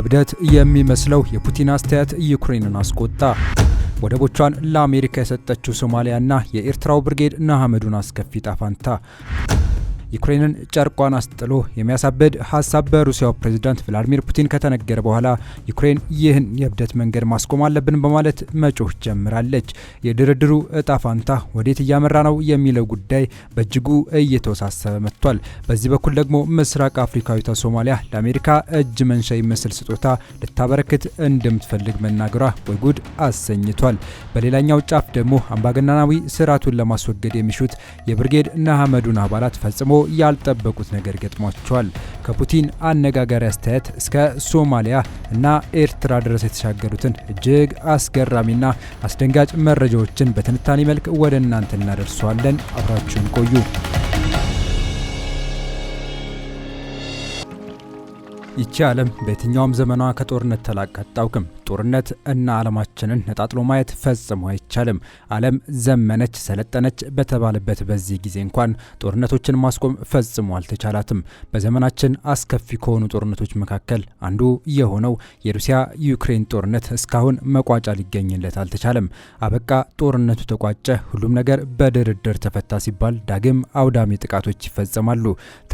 እብደት የሚመስለው የፑቲን አስተያየት ዩክሬንን አስቆጣ። ወደቦቿን ለአሜሪካ የሰጠችው ሶማሊያና የኤርትራው ብርጌድ ናሐመዱን አስከፊ ጣፋንታ ዩክሬንን ጨርቋን አስጥሎ የሚያሳበድ ሀሳብ በሩሲያው ፕሬዝዳንት ቭላዲሚር ፑቲን ከተነገረ በኋላ ዩክሬን ይህን የእብደት መንገድ ማስቆም አለብን በማለት መጮህ ጀምራለች። የድርድሩ እጣ ፋንታ ወዴት እያመራ ነው የሚለው ጉዳይ በእጅጉ እየተወሳሰበ መጥቷል። በዚህ በኩል ደግሞ ምስራቅ አፍሪካዊቷ ሶማሊያ ለአሜሪካ እጅ መንሻ ይመስል ስጦታ ልታበረክት እንደምትፈልግ መናገሯ ወይ ጉድ አሰኝቷል። በሌላኛው ጫፍ ደግሞ አምባገናናዊ ስርዓቱን ለማስወገድ የሚሹት የብርጌድ ንሓመዱን አባላት ፈጽሞ ያልጠበቁት ነገር ገጥሟቸዋል። ከፑቲን አነጋጋሪ አስተያየት እስከ ሶማሊያ እና ኤርትራ ድረስ የተሻገሩትን እጅግ አስገራሚና አስደንጋጭ መረጃዎችን በትንታኔ መልክ ወደ እናንተ እናደርሰዋለን። አብራችሁን ቆዩ። ይቺ ዓለም በየትኛውም ዘመኗ ከጦርነት ተላቅ አታውቅም። ጦርነት እና ዓለማችንን ነጣጥሎ ማየት ፈጽሞ አይቻልም። ዓለም ዘመነች፣ ሰለጠነች በተባለበት በዚህ ጊዜ እንኳን ጦርነቶችን ማስቆም ፈጽሞ አልተቻላትም። በዘመናችን አስከፊ ከሆኑ ጦርነቶች መካከል አንዱ የሆነው የሩሲያ ዩክሬን ጦርነት እስካሁን መቋጫ ሊገኝለት አልተቻለም። አበቃ፣ ጦርነቱ ተቋጨ፣ ሁሉም ነገር በድርድር ተፈታ ሲባል ዳግም አውዳሚ ጥቃቶች ይፈጸማሉ።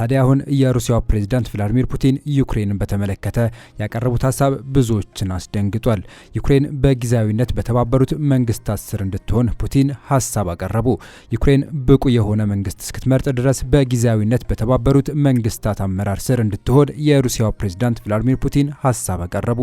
ታዲያ አሁን የሩሲያው ፕሬዚዳንት ቭላዲሚር ፑቲን ዩክሬንን በተመለከተ ያቀረቡት ሀሳብ ብዙዎችን አስደንግጧል። ተረጋግጧል። ዩክሬን በጊዜያዊነት በተባበሩት መንግስታት ስር እንድትሆን ፑቲን ሀሳብ አቀረቡ። ዩክሬን ብቁ የሆነ መንግስት እስክትመርጥ ድረስ በጊዜያዊነት በተባበሩት መንግስታት አመራር ስር እንድትሆን የሩሲያው ፕሬዝዳንት ቭላዲሚር ፑቲን ሀሳብ አቀረቡ።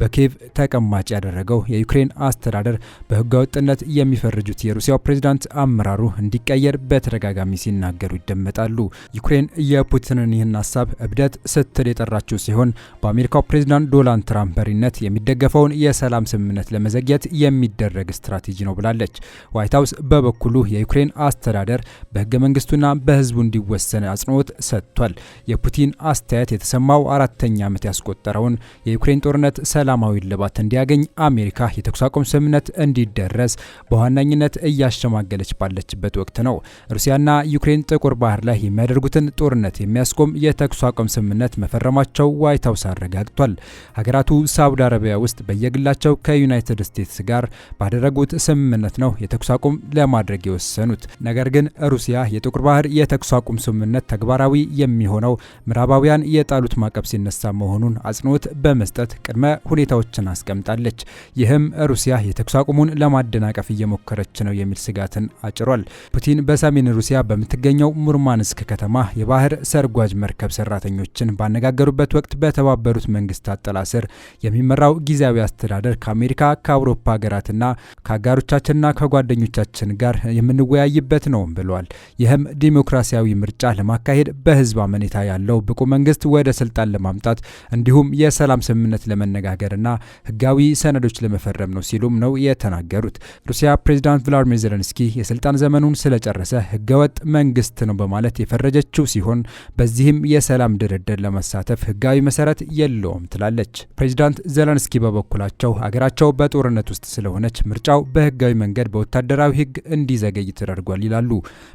በኪየቭ ተቀማጭ ያደረገው የዩክሬን አስተዳደር በህገወጥነት የሚፈርጁት የሩሲያው ፕሬዝዳንት አመራሩ እንዲቀየር በተደጋጋሚ ሲናገሩ ይደመጣሉ። ዩክሬን የፑቲንን ይህን ሀሳብ እብደት ስትል የጠራችው ሲሆን በአሜሪካው ፕሬዝዳንት ዶናልድ ትራምፕ መሪነት የሚደገፈው የተላለፈውን የሰላም ስምምነት ለመዘግየት የሚደረግ ስትራቴጂ ነው ብላለች። ዋይት ሀውስ በበኩሉ የዩክሬን አስተዳደር በህገ መንግስቱና በህዝቡ እንዲወሰን አጽንኦት ሰጥቷል። የፑቲን አስተያየት የተሰማው አራተኛ ዓመት ያስቆጠረውን የዩክሬን ጦርነት ሰላማዊ ልባት እንዲያገኝ አሜሪካ የተኩስ አቁም ስምምነት እንዲደረስ በዋናኝነት እያሸማገለች ባለችበት ወቅት ነው። ሩሲያና ዩክሬን ጥቁር ባህር ላይ የሚያደርጉትን ጦርነት የሚያስቆም የተኩስ አቁም ስምምነት መፈረማቸው ዋይት ሀውስ አረጋግጧል። ሀገራቱ ሳውዲ አረቢያ ውስጥ በየግላቸው ከዩናይትድ ስቴትስ ጋር ባደረጉት ስምምነት ነው የተኩስ አቁም ለማድረግ የወሰኑት። ነገር ግን ሩሲያ የጥቁር ባህር የተኩስ አቁም ስምምነት ተግባራዊ የሚሆነው ምዕራባውያን የጣሉት ማዕቀብ ሲነሳ መሆኑን አጽንኦት በመስጠት ቅድመ ሁኔታዎችን አስቀምጣለች። ይህም ሩሲያ የተኩስ አቁሙን ለማደናቀፍ እየሞከረች ነው የሚል ስጋትን አጭሯል። ፑቲን በሰሜን ሩሲያ በምትገኘው ሙርማንስክ ከተማ የባህር ሰርጓጅ መርከብ ሰራተኞችን ባነጋገሩበት ወቅት በተባበሩት መንግስታት ጥላ ስር የሚመራው ጊዜያዊ ጊዜያዊ አስተዳደር ከአሜሪካ ከአውሮፓ ሀገራትና ከአጋሮቻችንና ከጓደኞቻችን ጋር የምንወያይበት ነው ብሏል። ይህም ዲሞክራሲያዊ ምርጫ ለማካሄድ በህዝብ አመኔታ ያለው ብቁ መንግስት ወደ ስልጣን ለማምጣት እንዲሁም የሰላም ስምምነት ለመነጋገርና ህጋዊ ሰነዶች ለመፈረም ነው ሲሉም ነው የተናገሩት። ሩሲያ ፕሬዚዳንት ቭላዲሚር ዘለንስኪ የስልጣን ዘመኑን ስለጨረሰ ህገወጥ መንግስት ነው በማለት የፈረጀችው ሲሆን በዚህም የሰላም ድርድር ለመሳተፍ ህጋዊ መሰረት የለውም ትላለች። ፕሬዚዳንት ዜሌንስኪ በበ በበኩላቸው አገራቸው በጦርነት ውስጥ ስለሆነች ምርጫው በህጋዊ መንገድ በወታደራዊ ህግ እንዲዘገይ ተደርጓል ይላሉ።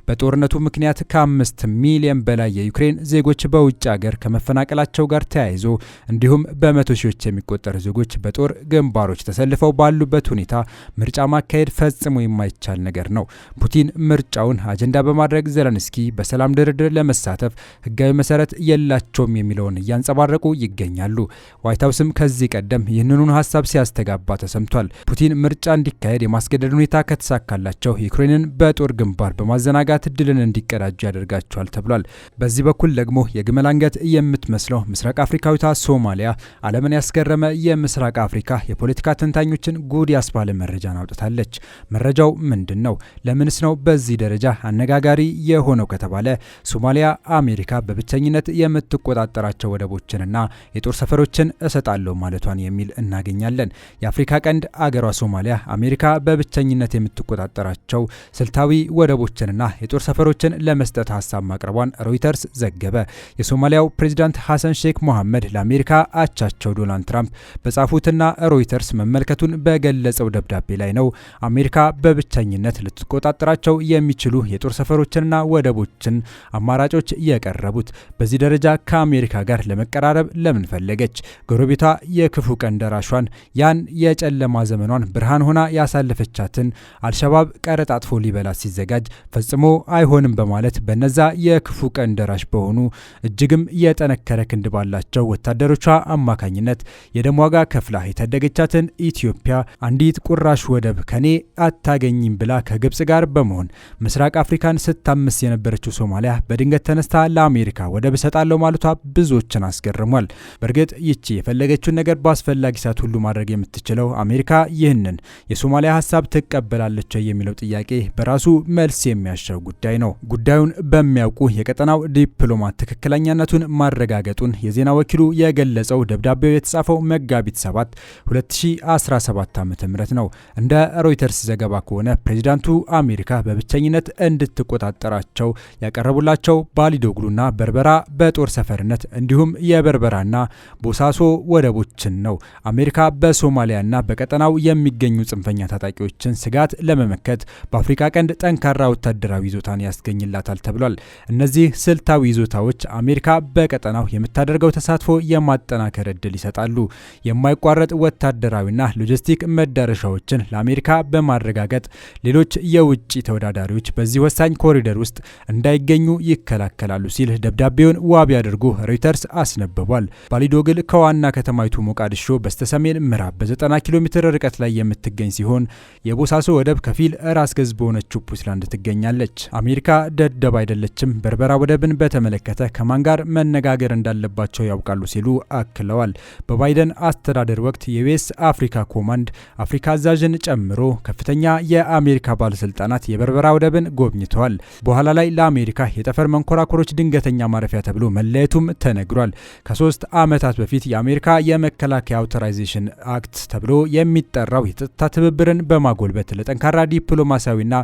በጦርነቱ ምክንያት ከአምስት ሚሊዮን በላይ የዩክሬን ዜጎች በውጭ አገር ከመፈናቀላቸው ጋር ተያይዞ እንዲሁም በመቶ ሺዎች የሚቆጠሩ ዜጎች በጦር ግንባሮች ተሰልፈው ባሉበት ሁኔታ ምርጫ ማካሄድ ፈጽሞ የማይቻል ነገር ነው። ፑቲን ምርጫውን አጀንዳ በማድረግ ዘለንስኪ በሰላም ድርድር ለመሳተፍ ህጋዊ መሰረት የላቸውም የሚለውን እያንጸባረቁ ይገኛሉ። ዋይት ሀውስም ከዚህ ቀደም ይህንኑን ሀሳብ ሲያስተጋባ ተሰምቷል። ፑቲን ምርጫ እንዲካሄድ የማስገደድ ሁኔታ ከተሳካላቸው ዩክሬንን በጦር ግንባር በማዘናጋት ድልን እንዲቀዳጁ ያደርጋቸዋል ተብሏል። በዚህ በኩል ደግሞ የግመል አንገት የምትመስለው ምስራቅ አፍሪካዊቷ ሶማሊያ ዓለምን ያስገረመ የምስራቅ አፍሪካ የፖለቲካ ተንታኞችን ጉድ ያስባለ መረጃን አውጥታለች። መረጃው ምንድን ነው? ለምንስ ነው በዚህ ደረጃ አነጋጋሪ የሆነው ከተባለ ሶማሊያ አሜሪካ በብቸኝነት የምትቆጣጠራቸው ወደቦችንና የጦር ሰፈሮችን እሰጣለሁ ማለቷን የሚል እናገ እናገኛለን። የአፍሪካ ቀንድ አገሯ ሶማሊያ አሜሪካ በብቸኝነት የምትቆጣጠራቸው ስልታዊ ወደቦችንና የጦር ሰፈሮችን ለመስጠት ሀሳብ ማቅረቧን ሮይተርስ ዘገበ። የሶማሊያው ፕሬዚዳንት ሐሰን ሼክ ሞሐመድ ለአሜሪካ አቻቸው ዶናልድ ትራምፕ በጻፉትና ሮይተርስ መመልከቱን በገለጸው ደብዳቤ ላይ ነው። አሜሪካ በብቸኝነት ልትቆጣጠራቸው የሚችሉ የጦር ሰፈሮችንና ወደቦችን አማራጮች የቀረቡት። በዚህ ደረጃ ከአሜሪካ ጋር ለመቀራረብ ለምን ፈለገች? ጎረቤቷ የክፉ ቀን ደራሿን መኖሯን ያን የጨለማ ዘመኗን ብርሃን ሆና ያሳለፈቻትን አልሸባብ ቀረጣጥፎ ሊበላት ሲዘጋጅ ፈጽሞ አይሆንም በማለት በነዛ የክፉ ቀን ደራሽ በሆኑ እጅግም የጠነከረ ክንድ ባላቸው ወታደሮቿ አማካኝነት የደም ዋጋ ከፍላ የታደገቻትን ኢትዮጵያ አንዲት ቁራሽ ወደብ ከኔ አታገኝም ብላ ከግብጽ ጋር በመሆን ምስራቅ አፍሪካን ስታምስ የነበረችው ሶማሊያ በድንገት ተነስታ ለአሜሪካ ወደብ እሰጣለሁ ማለቷ ብዙዎችን አስገርሟል። በእርግጥ ይቺ የፈለገችውን ነገር በአስፈላጊ ሰዓት ሁሉ ማድረግ የምትችለው አሜሪካ ይህንን የሶማሊያ ሀሳብ ትቀበላለች የሚለው ጥያቄ በራሱ መልስ የሚያሻው ጉዳይ ነው። ጉዳዩን በሚያውቁ የቀጠናው ዲፕሎማት ትክክለኛነቱን ማረጋገጡን የዜና ወኪሉ የገለጸው ደብዳቤው የተጻፈው መጋቢት 7 2017 ዓ ም ነው። እንደ ሮይተርስ ዘገባ ከሆነ ፕሬዚዳንቱ አሜሪካ በብቸኝነት እንድትቆጣጠራቸው ያቀረቡላቸው ባሊዶግሉና በርበራ በጦር ሰፈርነት እንዲሁም የበርበራና ቦሳሶ ወደቦችን ነው። አሜሪካ አሜሪካ በሶማሊያና በቀጠናው የሚገኙ ጽንፈኛ ታጣቂዎችን ስጋት ለመመከት በአፍሪካ ቀንድ ጠንካራ ወታደራዊ ይዞታን ያስገኝላታል ተብሏል። እነዚህ ስልታዊ ይዞታዎች አሜሪካ በቀጠናው የምታደርገው ተሳትፎ የማጠናከር እድል ይሰጣሉ። የማይቋረጥ ወታደራዊና ሎጂስቲክ መዳረሻዎችን ለአሜሪካ በማረጋገጥ ሌሎች የውጭ ተወዳዳሪዎች በዚህ ወሳኝ ኮሪደር ውስጥ እንዳይገኙ ይከላከላሉ ሲል ደብዳቤውን ዋቢ አድርጎ ሮይተርስ አስነብቧል። ባሊዶግል ከዋና ከተማይቱ ሞቃዲሾ በስተሰ ከሰሜን ምዕራብ በ90 ኪሎ ሜትር ርቀት ላይ የምትገኝ ሲሆን የቦሳሶ ወደብ ከፊል ራስ ገዝ በሆነችው ፑንትላንድ ትገኛለች። አሜሪካ ደደብ አይደለችም፣ በርበራ ወደብን በተመለከተ ከማን ጋር መነጋገር እንዳለባቸው ያውቃሉ ሲሉ አክለዋል። በባይደን አስተዳደር ወቅት የዩኤስ አፍሪካ ኮማንድ አፍሪካ አዛዥን ጨምሮ ከፍተኛ የአሜሪካ ባለስልጣናት የበርበራ ወደብን ጎብኝተዋል። በኋላ ላይ ለአሜሪካ የጠፈር መንኮራኮሮች ድንገተኛ ማረፊያ ተብሎ መለየቱም ተነግሯል። ከሶስት ዓመታት በፊት የአሜሪካ የመከላከያ አውቶራይዜሽን ኮሚኒኬሽን አክት ተብሎ የሚጠራው የጸጥታ ትብብርን በማጎልበት ለጠንካራ ዲፕሎማሲያዊና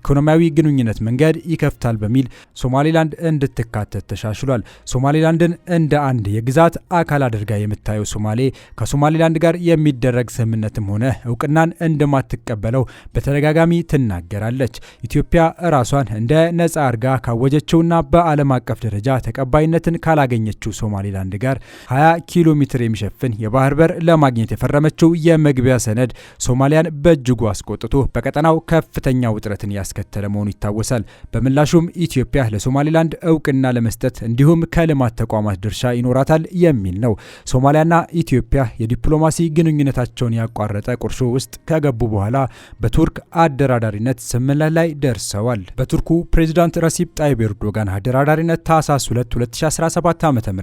ኢኮኖሚያዊ ግንኙነት መንገድ ይከፍታል በሚል ሶማሌላንድ እንድትካተት ተሻሽሏል። ሶማሌላንድን እንደ አንድ የግዛት አካል አድርጋ የምታየው ሶማሌ ከሶማሌላንድ ጋር የሚደረግ ስምምነትም ሆነ እውቅናን እንደማትቀበለው በተደጋጋሚ ትናገራለች። ኢትዮጵያ ራሷን እንደ ነጻ አርጋ ካወጀችውና በዓለም አቀፍ ደረጃ ተቀባይነትን ካላገኘችው ሶማሌላንድ ጋር 20 ኪሎ ሜትር የሚሸፍን የባህር በር ለማግኘት ለማግኘት የፈረመችው የመግቢያ ሰነድ ሶማሊያን በእጅጉ አስቆጥቶ በቀጠናው ከፍተኛ ውጥረትን ያስከተለ መሆኑ ይታወሳል። በምላሹም ኢትዮጵያ ለሶማሌላንድ እውቅና ለመስጠት እንዲሁም ከልማት ተቋማት ድርሻ ይኖራታል የሚል ነው። ሶማሊያና ኢትዮጵያ የዲፕሎማሲ ግንኙነታቸውን ያቋረጠ ቁርሾ ውስጥ ከገቡ በኋላ በቱርክ አደራዳሪነት ስምምነት ላይ ደርሰዋል። በቱርኩ ፕሬዚዳንት ረሲፕ ጣይብ ኤርዶጋን አደራዳሪነት ታህሳስ 2 2017 ዓ ም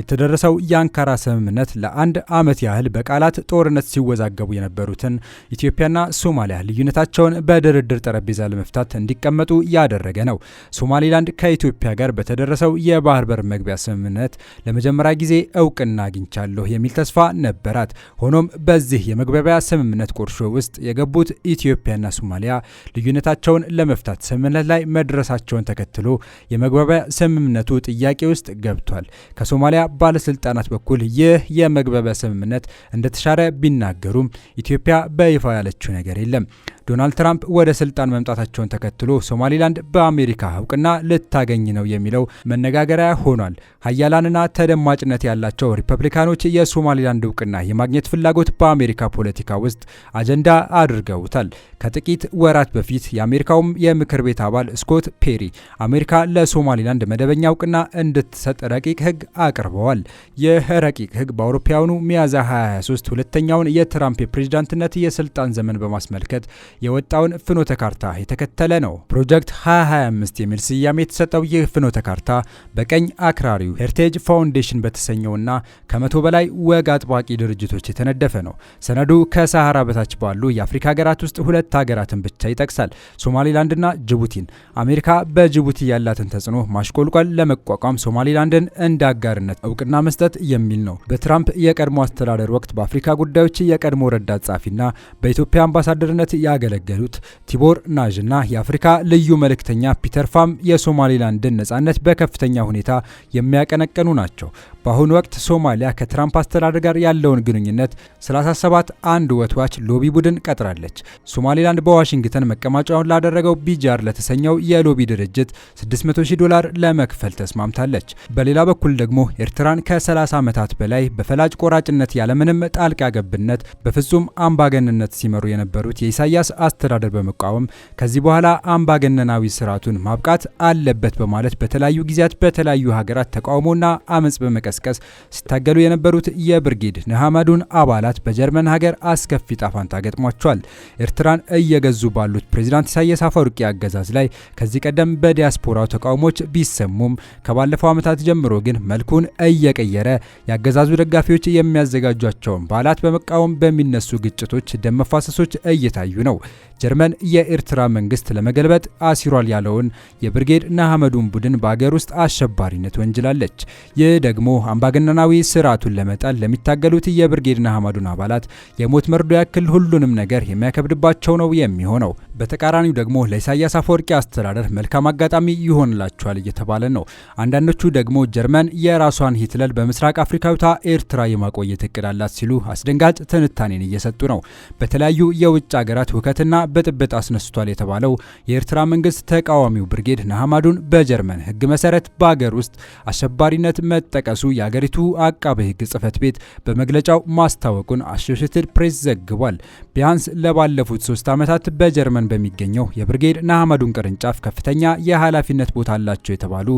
የተደረሰው የአንካራ ስምምነት ለአንድ ዓመት ያህል በቃ ቃላት ጦርነት ሲወዛገቡ የነበሩትን ኢትዮጵያና ሶማሊያ ልዩነታቸውን በድርድር ጠረጴዛ ለመፍታት እንዲቀመጡ ያደረገ ነው። ሶማሌላንድ ከኢትዮጵያ ጋር በተደረሰው የባህር በር መግቢያ ስምምነት ለመጀመሪያ ጊዜ እውቅና አግኝቻለሁ የሚል ተስፋ ነበራት። ሆኖም በዚህ የመግባቢያ ስምምነት ቁርሾ ውስጥ የገቡት ኢትዮጵያና ሶማሊያ ልዩነታቸውን ለመፍታት ስምምነት ላይ መድረሳቸውን ተከትሎ የመግባቢያ ስምምነቱ ጥያቄ ውስጥ ገብቷል። ከሶማሊያ ባለስልጣናት በኩል ይህ የመግባቢያ ስምምነት እንደተሻረ ቢናገሩም ኢትዮጵያ በይፋ ያለችው ነገር የለም። ዶናልድ ትራምፕ ወደ ስልጣን መምጣታቸውን ተከትሎ ሶማሊላንድ በአሜሪካ እውቅና ልታገኝ ነው የሚለው መነጋገሪያ ሆኗል። ሀያላንና ተደማጭነት ያላቸው ሪፐብሊካኖች የሶማሊላንድ እውቅና የማግኘት ፍላጎት በአሜሪካ ፖለቲካ ውስጥ አጀንዳ አድርገውታል። ከጥቂት ወራት በፊት የአሜሪካውም የምክር ቤት አባል ስኮት ፔሪ አሜሪካ ለሶማሊላንድ መደበኛ እውቅና እንድትሰጥ ረቂቅ ህግ አቅርበዋል። ይህ ረቂቅ ህግ በአውሮፓውያኑ ሚያዝያ 23 ሁለተኛውን የትራምፕ የፕሬዝዳንትነት የስልጣን ዘመን በማስመልከት የወጣውን ፍኖተ ካርታ የተከተለ ነው። ፕሮጀክት 2025 የሚል ስያሜ የተሰጠው ይህ ፍኖተ ካርታ በቀኝ አክራሪው ሄሪቴጅ ፋውንዴሽን በተሰኘውና ከመቶ በላይ ወግ አጥባቂ ድርጅቶች የተነደፈ ነው። ሰነዱ ከሳሃራ በታች ባሉ የአፍሪካ ሀገራት ውስጥ ሁለት ሀገራትን ብቻ ይጠቅሳል፣ ሶማሊላንድና ጅቡቲን። አሜሪካ በጅቡቲ ያላትን ተጽዕኖ ማሽቆልቆል ለመቋቋም ሶማሊላንድን እንደ አጋርነት እውቅና መስጠት የሚል ነው። በትራምፕ የቀድሞ አስተዳደር ወቅት በአፍሪካ ጉዳዮች የቀድሞ ረዳት ጸሐፊና በኢትዮጵያ አምባሳደርነት ያገ ያገለገሉት ቲቦር እና የአፍሪካ ልዩ መልእክተኛ ፒተር ፋም የሶማሌላንድን ነጻነት በከፍተኛ ሁኔታ የሚያቀነቀኑ ናቸው። በአሁኑ ወቅት ሶማሊያ ከትራምፕ አስተዳደር ጋር ያለውን ግንኙነት 37 አንድ ወትዋች ሎቢ ቡድን ቀጥራለች። ሶማሌላንድ በዋሽንግተን መቀመጫውን ላደረገው ቢጃር ለተሰኘው የሎቢ ድርጅት 600,000 ዶላር ለመክፈል ተስማምታለች። በሌላ በኩል ደግሞ ኤርትራን ከ30 ዓመታት በላይ በፈላጭ ቆራጭነት ያለምንም ጣልቃ ገብነት በፍጹም አምባገንነት ሲመሩ የነበሩት የኢሳያስ አስተዳደር በመቃወም ከዚህ በኋላ አምባገነናዊ ስርዓቱን ማብቃት አለበት በማለት በተለያዩ ጊዜያት በተለያዩ ሀገራት ተቃውሞና አመፅ በመቀስቀስ ሲታገሉ የነበሩት የብርጌድ ንሓመዱን አባላት በጀርመን ሀገር አስከፊ ጣፋንታ ገጥሟቸዋል። ኤርትራን እየገዙ ባሉት ፕሬዚዳንት ኢሳያስ አፈወርቂ አገዛዝ ላይ ከዚህ ቀደም በዲያስፖራው ተቃውሞች ቢሰሙም ከባለፈው ዓመታት ጀምሮ ግን መልኩን እየቀየረ የአገዛዙ ደጋፊዎች የሚያዘጋጇቸውን በዓላት በመቃወም በሚነሱ ግጭቶች፣ ደም መፋሰሶች እየታዩ ነው። ጀርመን የኤርትራ መንግስት ለመገልበጥ አሲሯል ያለውን የብርጌድ ናሐመዱን ቡድን በአገር ውስጥ አሸባሪነት ወንጅላለች። ይህ ደግሞ አምባገነናዊ ስርዓቱን ለመጣል ለሚታገሉት የብርጌድ ናሐመዱን አባላት የሞት መርዶ ያክል ሁሉንም ነገር የሚያከብድባቸው ነው የሚሆነው። በተቃራኒው ደግሞ ለኢሳያስ አፈወርቂ አስተዳደር መልካም አጋጣሚ ይሆንላቸዋል እየተባለ ነው። አንዳንዶቹ ደግሞ ጀርመን የራሷን ሂትለር በምስራቅ አፍሪካዊቷ ኤርትራ የማቆየት እቅድ አላት ሲሉ አስደንጋጭ ትንታኔን እየሰጡ ነው። በተለያዩ የውጭ ሀገራት ሁከትና ብጥብጥ አስነስቷል የተባለው የኤርትራ መንግስት ተቃዋሚው ብርጌድ ነሐማዱን በጀርመን ህግ መሰረት በአገር ውስጥ አሸባሪነት መጠቀሱ የአገሪቱ አቃቤ ሕግ ጽህፈት ቤት በመግለጫው ማስታወቁን አሶሼትድ ፕሬስ ዘግቧል። ቢያንስ ለባለፉት ሶስት ዓመታት በጀርመን በሚገኘው የብርጌድ ነሐማዱን ቅርንጫፍ ከፍተኛ የኃላፊነት ቦታ አላቸው የተባሉ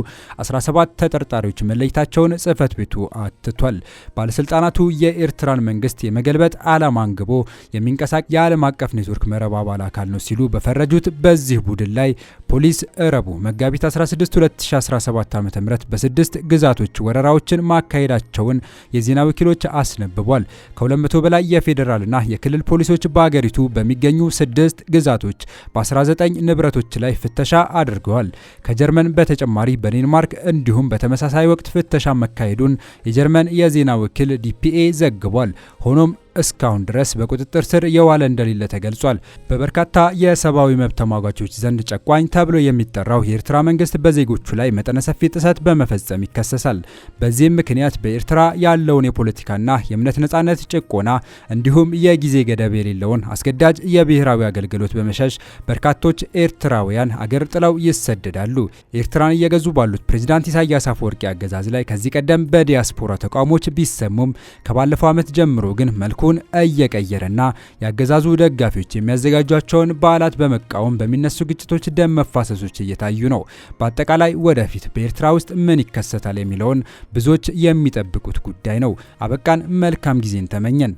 17 ተጠርጣሪዎች መለየታቸውን ጽህፈት ቤቱ አትቷል። ባለስልጣናቱ የኤርትራን መንግስት የመገልበጥ ዓላማ አንግቦ የሚንቀሳቀስ የዓለም አቀፍ ኔትወርክ መ የመረብ አባል አካል ነው ሲሉ በፈረጁት በዚህ ቡድን ላይ ፖሊስ እረቡ መጋቢት 16 2017 ዓ ም በስድስት ግዛቶች ወረራዎችን ማካሄዳቸውን የዜና ወኪሎች አስነብቧል። ከ200 በላይ የፌዴራልና የክልል ፖሊሶች በአገሪቱ በሚገኙ ስድስት ግዛቶች በ19 ንብረቶች ላይ ፍተሻ አድርገዋል። ከጀርመን በተጨማሪ በዴንማርክ እንዲሁም በተመሳሳይ ወቅት ፍተሻ መካሄዱን የጀርመን የዜና ወኪል ዲፒኤ ዘግቧል። ሆኖም እስካሁን ድረስ በቁጥጥር ስር የዋለ እንደሌለ ተገልጿል። በበርካታ የሰብአዊ መብት ተሟጋቾች ዘንድ ጨቋኝ ተብሎ የሚጠራው የኤርትራ መንግስት በዜጎቹ ላይ መጠነ ሰፊ ጥሰት በመፈጸም ይከሰሳል። በዚህም ምክንያት በኤርትራ ያለውን የፖለቲካና የእምነት ነጻነት ጭቆና እንዲሁም የጊዜ ገደብ የሌለውን አስገዳጅ የብሔራዊ አገልግሎት በመሸሽ በርካቶች ኤርትራውያን አገር ጥለው ይሰደዳሉ። ኤርትራን እየገዙ ባሉት ፕሬዚዳንት ኢሳያስ አፈወርቂ አገዛዝ ላይ ከዚህ ቀደም በዲያስፖራ ተቃውሞች ቢሰሙም ከባለፈው ዓመት ጀምሮ ግን መልኩ መልኩን እየቀየረና የአገዛዙ ደጋፊዎች የሚያዘጋጇቸውን በዓላት በመቃወም በሚነሱ ግጭቶች ደም መፋሰሶች እየታዩ ነው። በአጠቃላይ ወደፊት በኤርትራ ውስጥ ምን ይከሰታል የሚለውን ብዙዎች የሚጠብቁት ጉዳይ ነው። አበቃን። መልካም ጊዜን ተመኘን።